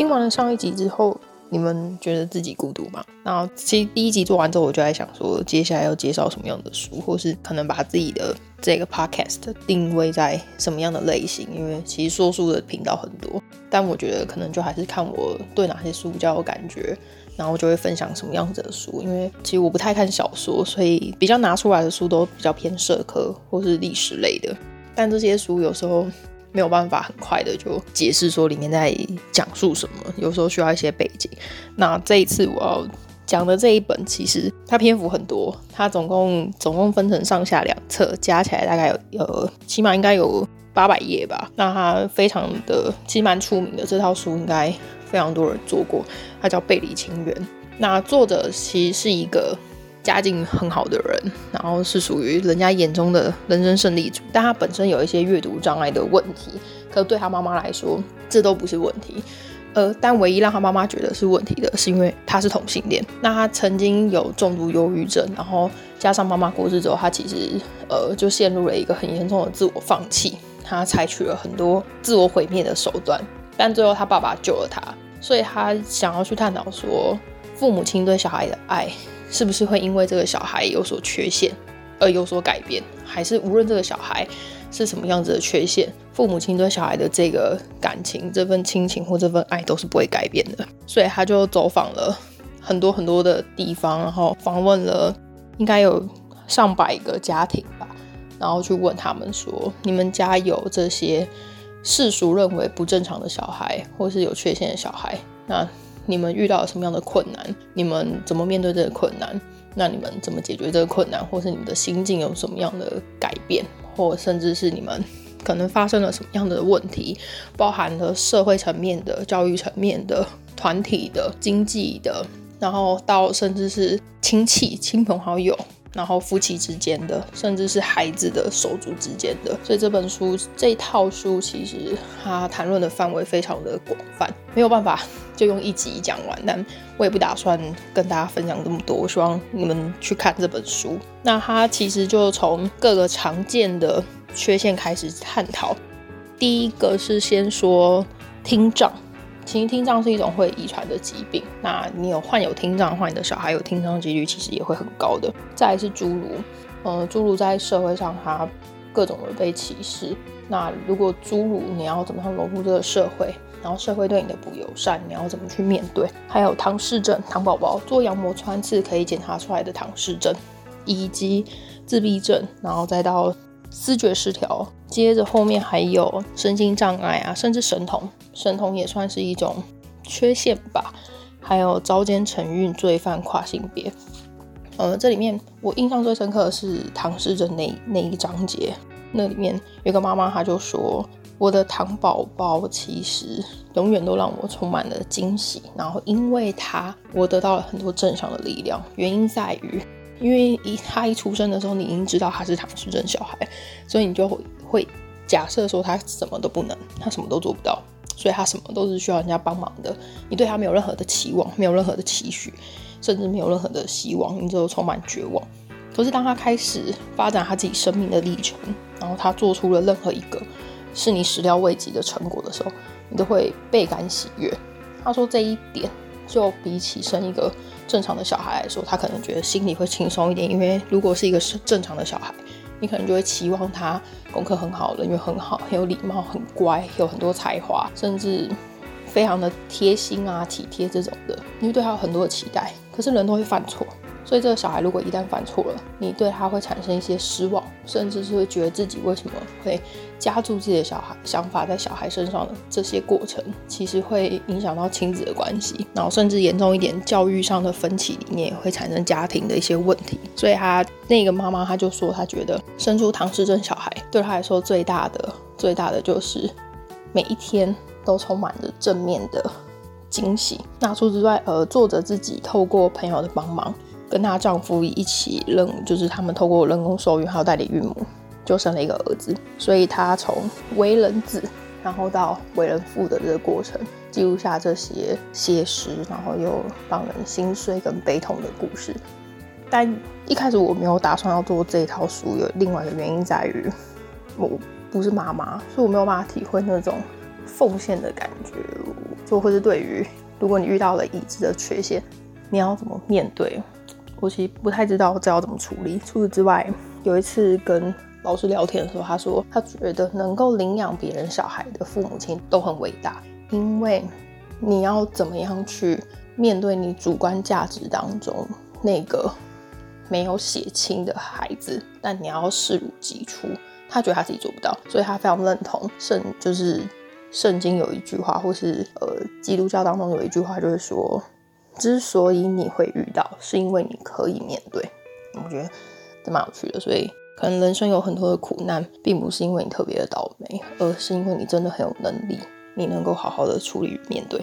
聽完了上一集之後，你們覺得自己孤獨嗎？那其實第一集做完之後，我就在想說，接下來要介紹什麼樣的書，或是可能把自己的這個 podcast 定位在什麼樣的類型？因為其實說書的頻道很多，但我覺得可能就還是看我對哪些書比較有感覺，然後就會分享什麼樣子的書。因為其實我不太看小說，所以比較拿出來的書都比較偏社科或是歷史類的。但這些書有時候，沒有辦法很快的就解釋說裡面在講述什麼，有時候需要一些背景。那這一次我要講的這一本，其實它篇幅很多，它總共總共分成上下兩冊，加起來大概有呃，起碼應該有八百頁吧。那它非常的其實蠻出名的，這套書應該非常多人做過，它叫《背離親緣》。那作者其實是一個。家境很好的人，然後是屬於人家眼中的人生勝利組，但他本身有一些閱讀障礙的問題，可對他媽媽來說，這都不是問題。呃，但唯一讓他媽媽覺得是問題的是，因為他是同性戀。那他曾經有重度憂鬱症，然後加上媽媽過世之後，他其實呃就陷入了一個很嚴重的自我放棄，他採取了很多自我毀滅的手段，但最後他爸爸救了他，所以他想要去探討說，父母親對小孩的愛。是不是會因為這個小孩有所缺陷，而有所改變，還是無論這個小孩是什麼樣子的缺陷，父母親對小孩的這個感情、這份親情或這份愛都是不會改變的？所以他就走訪了很多很多的地方，然後訪問了應該有上百個家庭吧，然後去問他們說：“你們家有這些世俗認為不正常的小孩，或是有缺陷的小孩？”那你們遇到了什麼樣的困難？你們怎麼面對這個困難？那你們怎麼解決這個困難？或是你們的心境有什麼樣的改變？或甚至是你們可能發生了什麼樣的問題？包含了社會層面的、教育層面的、團體的、經濟的，然後到甚至是親戚、親朋好友。然後夫妻之間的，甚至是孩子的手足之間的，所以這本書這一套書其實它談論的範圍非常的廣泛，沒有辦法就用一集講完，但我也不打算跟大家分享這麼多。我希望你們去看這本書。那它其實就從各個常見的缺陷開始探討，第一個是先說聽障。其實聽障是一種會遺傳的疾病，那你有患有聽障，或你的小孩有聽障幾率其實也會很高的。再來是侏儒，呃，侏儒在社會上它各種的被歧視。那如果侏儒你要怎麼樣融入這個社會？然後社會對你的不友善，你要怎麼去面對？還有唐氏症，唐寶寶做羊膜穿刺可以檢查出來的唐氏症，以及自閉症，然後再到。思覺失調，接着後面還有身心障礙啊，甚至神童，神童也算是一種缺陷吧。還有遭姦成孕，罪犯跨性別。呃、嗯，這裡面我印象最深刻的是唐氏症那那一章節，那裡面有個媽媽，她就說：“我的唐寶寶其實永遠都讓我充滿了驚喜，然後因為他，我得到了很多正向的力量。原因在於。”因為一他一出生的時候，你已經知道他是唐氏症小孩，所以你就會假設說他什麼都不能，他什麼都做不到，所以他什麼都是需要人家幫忙的。你對他沒有任何的期望，沒有任何的期許，甚至沒有任何的希望，你就充滿絕望。可是當他開始發展他自己生命的歷程，然後他做出了任何一個是你始料未及的成果的時候，你都會倍感喜悅。他說這一點。就比起生一個正常的小孩來說，他可能覺得心裡會輕鬆一點，因為如果是一個是正常的小孩，你可能就會期望他功課很好，人緣很好，很有禮貌，很乖，有很多才華，甚至非常的貼心啊、體貼這種的，你會對他有很多的期待。可是人都會犯錯。所以這個小孩如果一旦犯錯了，你對他會產生一些失望，甚至是會覺得自己為什麼會加諸自己的小孩想法在小孩身上的這些過程其實會影響到親子的關係，然後甚至嚴重一點，教育上的分歧，裡面也會產生家庭的一些問題。所以他那個媽媽，他就說，他覺得生出唐氏症小孩對他來說最大的最大的就是每一天都充滿着正面的驚喜。那除此之外，呃，作者自己透過朋友的幫忙。跟她丈夫一起認，就是他們透過人工受孕還有代理孕母，就生了一個兒子。所以她從為人子，然後到為人父的這個過程，記錄下這些寫實，然後又讓人心碎跟悲痛的故事。但一開始我沒有打算要做這一套書，有另外的原因在於，我不是媽媽，所以我沒有辦法體會那種奉獻的感覺，就會是對於如果你遇到了已知的缺陷，你要怎麼面對？我其實不太知道這要怎麼處理。除此之外，有一次跟老師聊天的時候，他說他覺得能夠領養別人小孩的父母親都很偉大，因為你要怎麼樣去面對你主觀價值當中那個沒有血親的孩子，但你要視如己出。他覺得他自己做不到，所以他非常認同聖，就是聖經有一句話，或是呃基督教當中有一句話，就是說。之所以你會遇到，是因為你可以面對。我覺得這蠻有趣的，所以可能人生有很多的苦難，並不是因為你特別的倒霉，而是因為你真的很有能力，你能夠好好的處理與面對。